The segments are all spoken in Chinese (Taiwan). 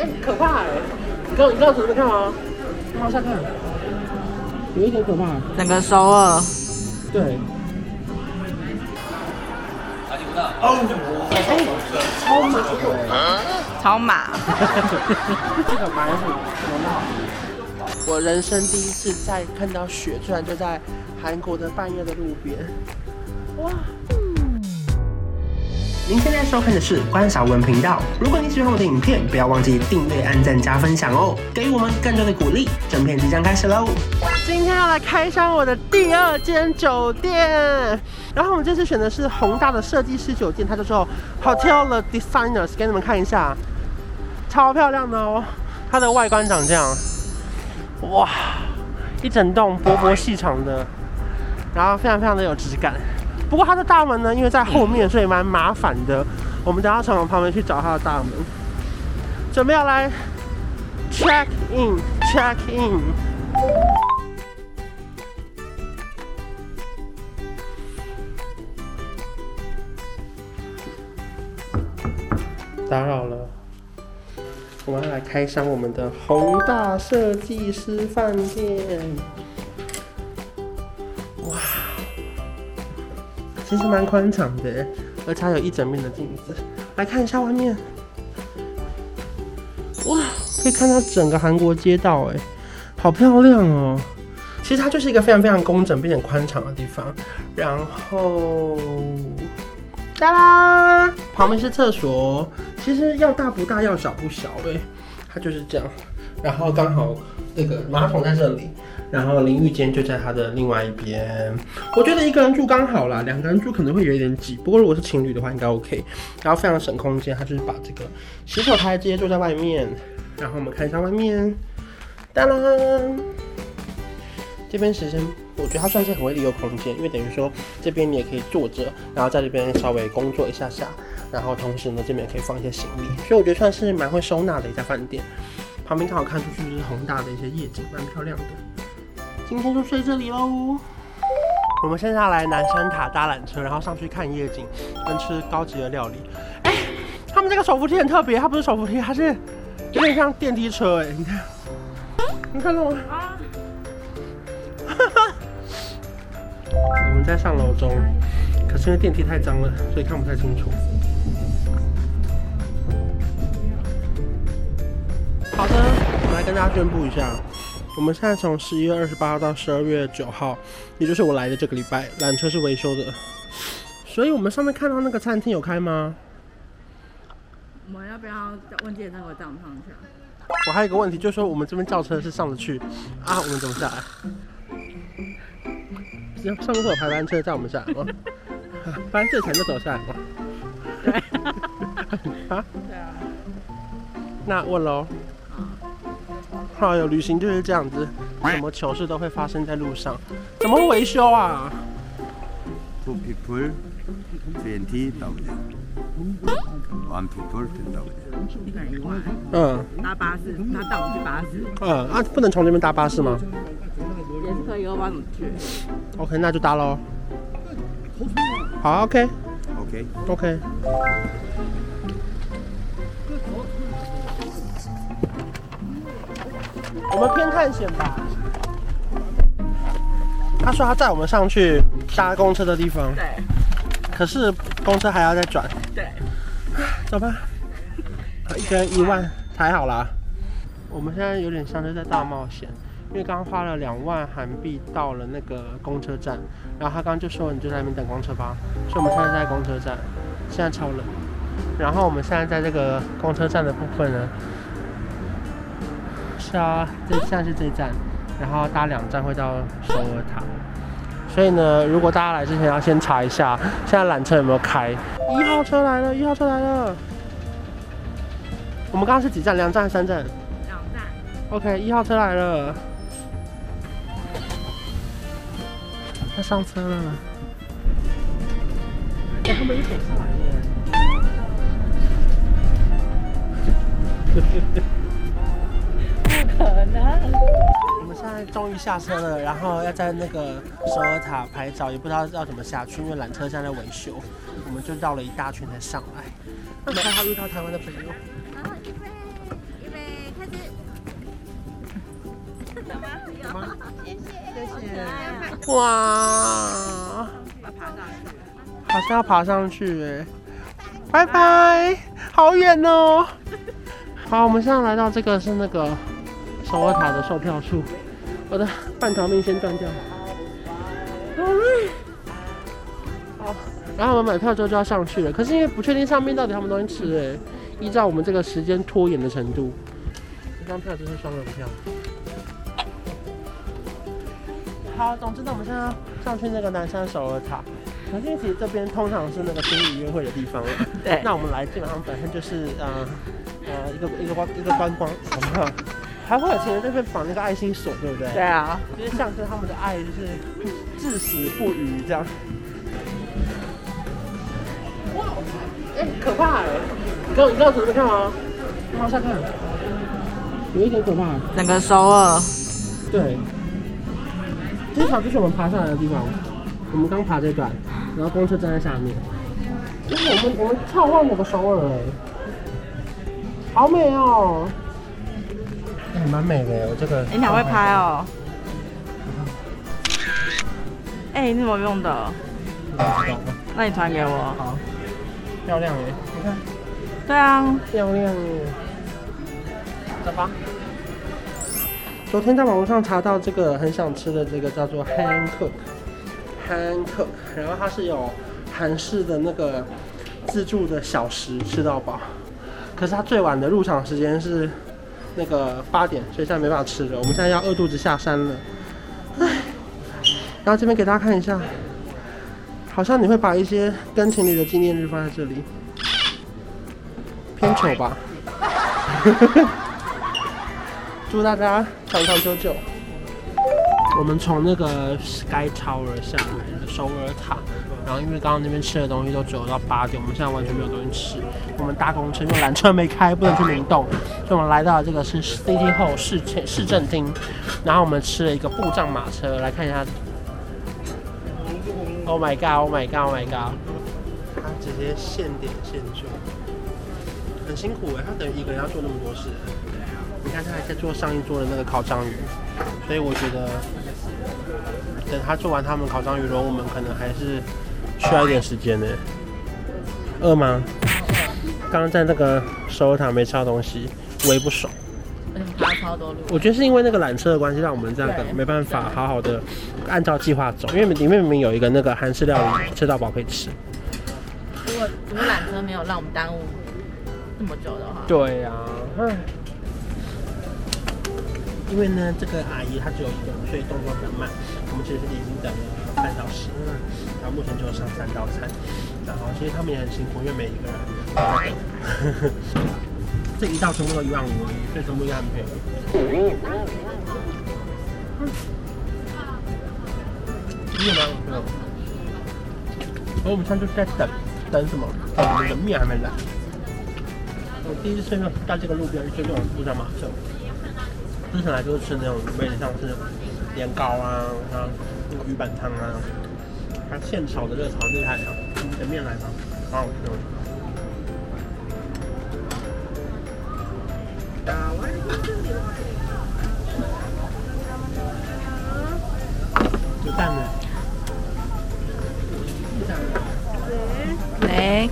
哎、欸，可怕哎、欸！你我，你我才有沒看嗎？往下看，有一點可怕。整個首爾。對。超級超馬。對超馬。哈哈哈。蠻虎馬， 滿滿我人生第一次在看到雪，居然就在韓國的半夜的路邊。哇。您現在收看的是關少文頻道。如果你喜歡我的影片，不要忘記訂閱、按讚、加分享哦，給予我們更多的鼓勵。正片即將開始嘍，今天要來開箱我的第二間酒店，然後我們這次選的是宏大的設計師酒店，它就叫做 Hotel The Designers，給你們看一下，超漂亮的哦，它的外觀長這樣，哇，一整棟薄薄細長的，然後非常非常的有質感。不過他的大門呢，因為在後面，所以蠻麻煩的。我們等下從旁邊去找他的大門，準備要來 check in，check in。In 打擾了，我們要來開箱我們的弘大設計師飯店。哇！其實蠻寬敞的，而且還有一整面的鏡子，來看一下外面，哇，可以看到整個韓國街道哎，好漂亮哦！其實它就是一個非常非常工整並且寬敞的地方，然後噠，旁邊是廁所，其實要大不大要小不小哎，它就是這樣，然後剛好。這個馬桶在這裡，然後淋浴間就在它的另外一邊。我覺得一個人住剛好啦，兩個人住可能會有一點擠。不過如果是情侶的話，應該 OK。然後非常省空間，它就是把這個洗手台直接坐在外面。然後我們看一下外面，當當。這邊其實我覺得它算是很會利用空間，因為等於說這邊你也可以坐着，然後在這邊稍微工作一下下，然後同時呢這邊也可以放一些行李。所以我覺得算是蠻會收納的一家飯店。旁邊剛好看出去就是宏大的一些夜景，蠻漂亮的。今天就睡這裡嘍。我們現在來南山塔搭纜車，然後上去看夜景，跟吃高級的料理。哎、欸，他們這個手扶梯很特別，它不是手扶梯，它是有點像電梯車哎、欸。你看，你看到嗎？啊！哈哈。我們在上樓中，可是因為電梯太髒了，所以看不太清楚。跟大家宣布一下，我們現在從十一月二十八號到十二月九號，也就是我來的這個禮拜，纜車是維修的。所以，我們上面看到那個餐廳有開嗎？我們要不要問電那個帳篷上去、啊、我還有一個問題，就是說我們這邊轎車是上得去啊，我們怎麼下來？行， 上面有排班車載我們下來嗎，反正、 啊、這錢都走下來了。 啊對啊。那我嘍。哎呦，啊、旅行就是這樣子，什麼糗事都會發生在路上，怎麼維修啊？電梯倒了，嗯。搭巴士，他帶我們去巴士。嗯，那不能從這邊搭巴士嗎？也是可以，去？OK，那就搭嘍。好、oh,，OK。OK。OK。我們偏探險吧。他說他載我們上去搭公車的地方，對可是公車還要再轉。對，走吧。一個人一萬才好啦。Okay. 我們現在有點像是在大冒險，因為剛花了兩萬韓幣到了那個公車站，然後他剛就說你就在那邊等公車吧，所以我們現在在公車站，現在超冷。然後我們現在在這個公車站的部分呢。是啊，這現在是這站，然後搭兩站會到首爾塔。所以呢，如果大家來之前要先查一下，現在纜車有沒有開。一號車來了，一號車來了。站我們剛剛是幾站？兩站還是三站？兩站。1 OK，一號車來了。他站上車了嗎、欸？他們一起上來的。站 可能，我們現在終於下車了，然後要在那個首爾塔拍照，也不知道要怎麼下去，因為纜車現在在維修，我們就繞了一大圈才上來。歡好沒、啊、遇到台灣的朋友。好，備，預備，開始。好好、啊、哇，要爬上去，好像要爬上去哎。拜拜，bye bye Bye. 好遠哦。 好，我們現在來到這個是那個。首爾塔的售票處，我的半條命先斷掉好，然後我們買票之後就要上去了，可是因為不確定上面到底他們都能吃哎。依照我們這個時間拖延的程度，這張票就是雙人票。好，總之呢，我們現在要上去那個南山首爾塔，可是其實這邊通常是那個情侶約會的地方。對，那我們來基本上本身就是呃、呃一個一個觀一個觀光，好不好？還會有情人在這邊綁那個愛心鎖，對不對？對啊，就是象徵他們的愛就是至死不渝這樣。哇，哎、欸，可怕哎！你剛你剛才有沒有看嗎？往、啊、下看，有一點可怕。那個首爾，對，這條就是我們爬上來的地方，我們剛爬這段，然後公車站在下面。就是我,我們我們眺望那個首爾哎，好美哦、喔。蠻、欸、美的我這個。欸、你哪會拍哦、喔。哎、嗯、欸，你怎麼用的？知道知道，那你傳給我。好。漂亮耶，你看。對啊，漂亮耶。走吧。昨天在網絡上查到這個很想吃的這個叫做 Hand Cook，Hand Cook，然後它是有韓式的那個自助的小食吃到飽，可是它最晚的入場時間是。那個八點，所以現在沒辦法吃了。我們現在要餓肚子下山了，唉。然後這邊給大家看一下，好像你會把一些跟情侶的紀念日放在這裡，偏醜吧？哎、 祝大家長長久久。我們從那個 Sky Tower 下來，就是、首爾塔。然後因為剛剛那邊吃的東西都只有到八點，我們現在完全沒有東西吃。我們搭公車，因為纜車沒開，不能去明洞，所以我們來到了這個是 City Hall 市市政廳。然後我們吃了一個布帳馬車，來看一下。Oh my god! Oh my god! Oh my god! 他直接現點現做，很辛苦誒。他等於一個人要做那麼多事。啊、你看他還在做上一桌的那個烤章魚。所以我覺得，等他做完他們烤章魚肉，我們可能還是需要一點時間呢。餓對嗎？剛剛、嗯嗯、在那個首爾塔沒沒吃到東西，也不爽。嗯、我覺得是因為那個纜車的關係，讓我們這樣子對沒辦法好好的按照計劃走，對因為裡面明明有一個那個韓式料理吃到飽可以吃。如果如果纜車沒有讓我們耽誤這麼久的話，對呀、啊。因為呢，這個阿姨她只有一個，所以動作很慢。我們其實已經等了半小時了，然後目前只有上三道菜。然後其實他們也很辛苦，因為每一個人，這一道全部都一萬五而已，最怎麼樣沒有？沒有沒有。然後我們現在就是在等等什麼？我們的麵還沒來。我第一次呢，在這個路邊吃這種烏冬麵。之前來就是吃那種味，像是年糕啊，然後那個魚板湯啊，它現炒的熱炒厲害啊。從前面來嗎？好好吃哦，有蛋。有蛋的沒。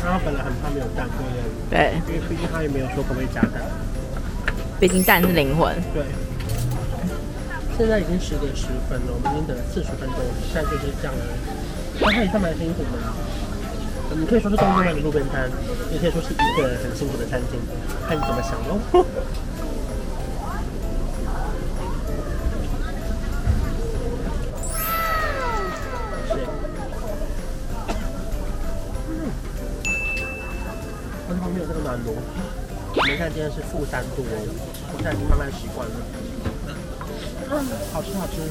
他本來很怕沒有蛋，對不對？對。因為畢竟他也沒有說可不可以加蛋。北畢竟蛋是靈魂。嗯、對、嗯，現在已經十點十分了，我們已經等了四十分鐘，現在就是這樣了。那看也上班辛苦嗎、嗯？你可以說是最浪漫的路邊攤，也可以說是一個很辛苦的餐廳，看你怎麼想嘍。呵呵嗯、但是。它好旁邊有那個暖爐。我們看，今天是負三度哦，我現在已經慢慢習慣了。嗯，好吃，好吃。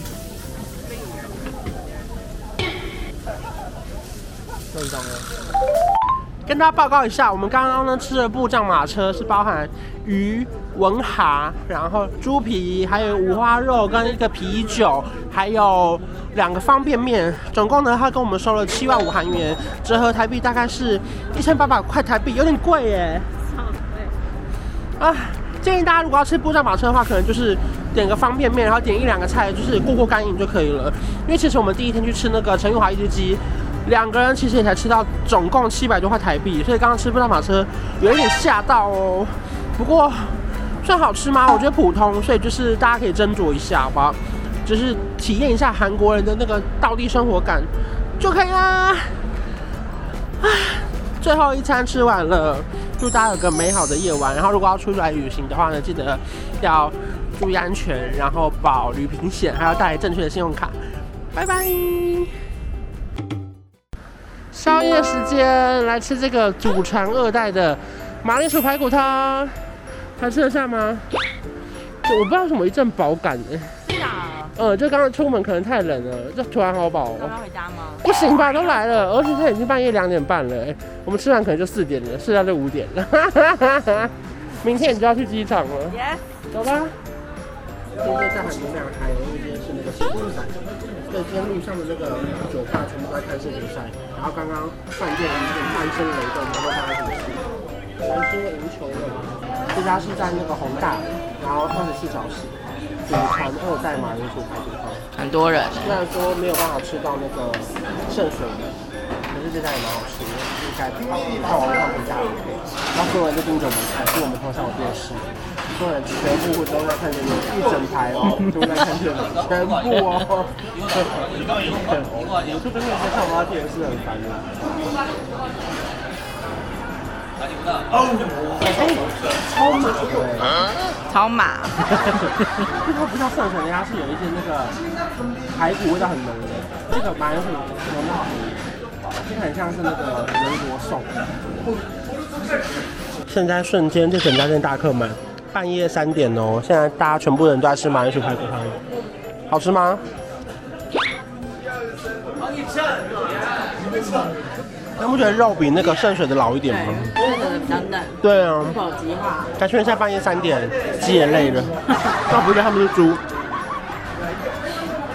隊長啊，跟大家報告一下，我們剛剛呢吃的布帳馬車是包含魚、文蛤，然後豬皮，還有五花肉跟一個啤酒，還有兩個方便麵，總共呢他跟我們收了七萬五韓元，折合台幣大概是一千八百塊台幣，有點貴耶、欸。啊，建議大家如果要吃布帳馬車的話，可能就是點個方便麵，然後點一兩個菜，就是過過乾癮就可以了。因為其實我們第一天去吃那個陳玉華一隻雞，兩個人其實也才吃到總共七百多塊台幣，所以剛剛吃布帳馬車有一點嚇到哦。不過算好吃嗎？我覺得普通，所以就是大家可以斟酌一下好不好，就是體驗一下韓國人的那個道地生活感就可以啦，啊。最後一餐吃完了。祝大家有個美好的夜晚。然後，如果要出去旅行的話呢，記得要注意安全，然後保旅平險，還要帶正確的信用卡。拜拜！宵夜時間，來吃這個祖傳二代的馬鈴薯排骨湯，還吃得下嗎？我不知道怎麼一陣飽感，欸。呃、嗯、就剛剛出門可能太冷了，就突然好飽哦。要回家不行吧，都來了，而且他已經半夜兩點半了、欸。哎，我們吃完可能就四點了，睡覺就五點了。 明天你就要去機場了。走吧。嗯嗯嗯嗯嗯、今天在海多地方開，的那邊是那個世界賽。今天路上的那個酒吧全部都在看世界賽，然後剛剛飯店一點半聲雷動，然後大家怎麼去？南蘇無球的。這家是在那個弘大，然後二十四小時。五二代馬鈴薯排骨湯，很多人。雖然說沒有辦法吃到那個聖水的可是這家也蠻好吃的，應該。然後我們他回家 OK。然後說完就盯着我們看，是、嗯、我們通常的電視。說完全部都在看這個，一整排哦、喔、都、嗯、在看這個、喔，全部哦。對，哈哈哈哈！哈的哈哈哈！哈哈哈哈哦，哎、嗯，超、欸、滿，超馬這個、嗯、 不像瘦成鴨，它是有一些那個排骨味道很濃的。這個馬鈴薯比較辣，很像是那個人國頌。現在瞬間就全家店大客滿，半夜三點哦！現在大家全部人都在吃馬鈴薯排骨湯，好吃嗎？王一正，你們吃。嗯嗯嗯嗯嗯嗯嗯他們覺得肉比那個聖水的老一點嗎？聖水的比較嫩對啊，化。感覺現在半夜三點，雞也累了。倒、啊、不覺得他們是豬。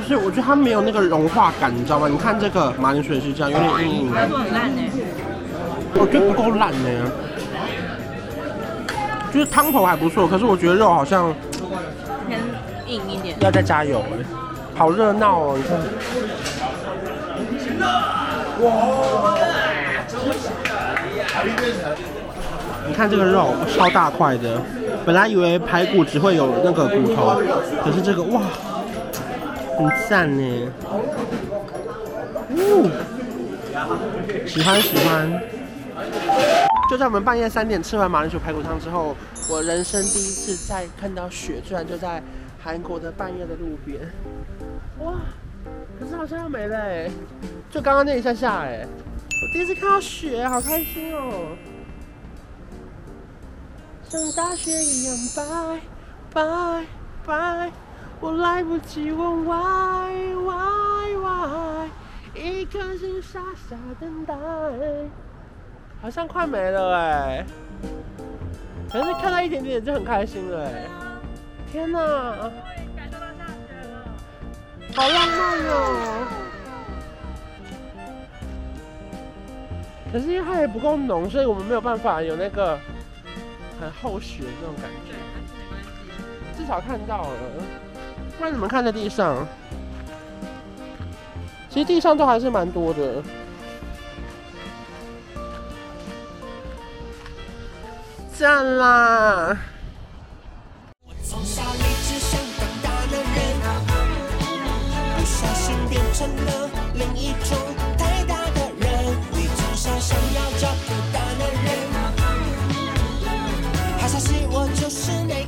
就是我覺得它沒有那個融化感，你知道嗎？你看這個馬鈴薯是這樣，有點硬硬的。很爛呢、欸。我覺得不夠爛呢。就是湯頭還不錯，可是我覺得肉好像偏硬一點。要再加油、欸、好熱鬧哦，你看。哇。你看這個肉超大塊的，本來以為排骨只會有那個骨頭，可是這個哇，很讚呢，嗚，喜歡喜歡。就在我們半夜三點吃完馬鈴薯排骨湯之後，我人生第一次在看到雪，居然就在韓國的半夜的路邊，哇，可是好像要沒了耶，就剛剛那一下下哎。我第一次看到雪，好開心哦！像大雪一樣白白白，我來不及問 why why why，一顆心傻傻等待。好像快沒了哎，反正看到一點點就很開心了哎！天哪！好浪漫哦、喔！可是因為它也不夠濃，所以我們沒有辦法有那個很厚實的那種感覺。至少看到了，不然你們看在地上，其實地上都還是蠻多的。讚啦！我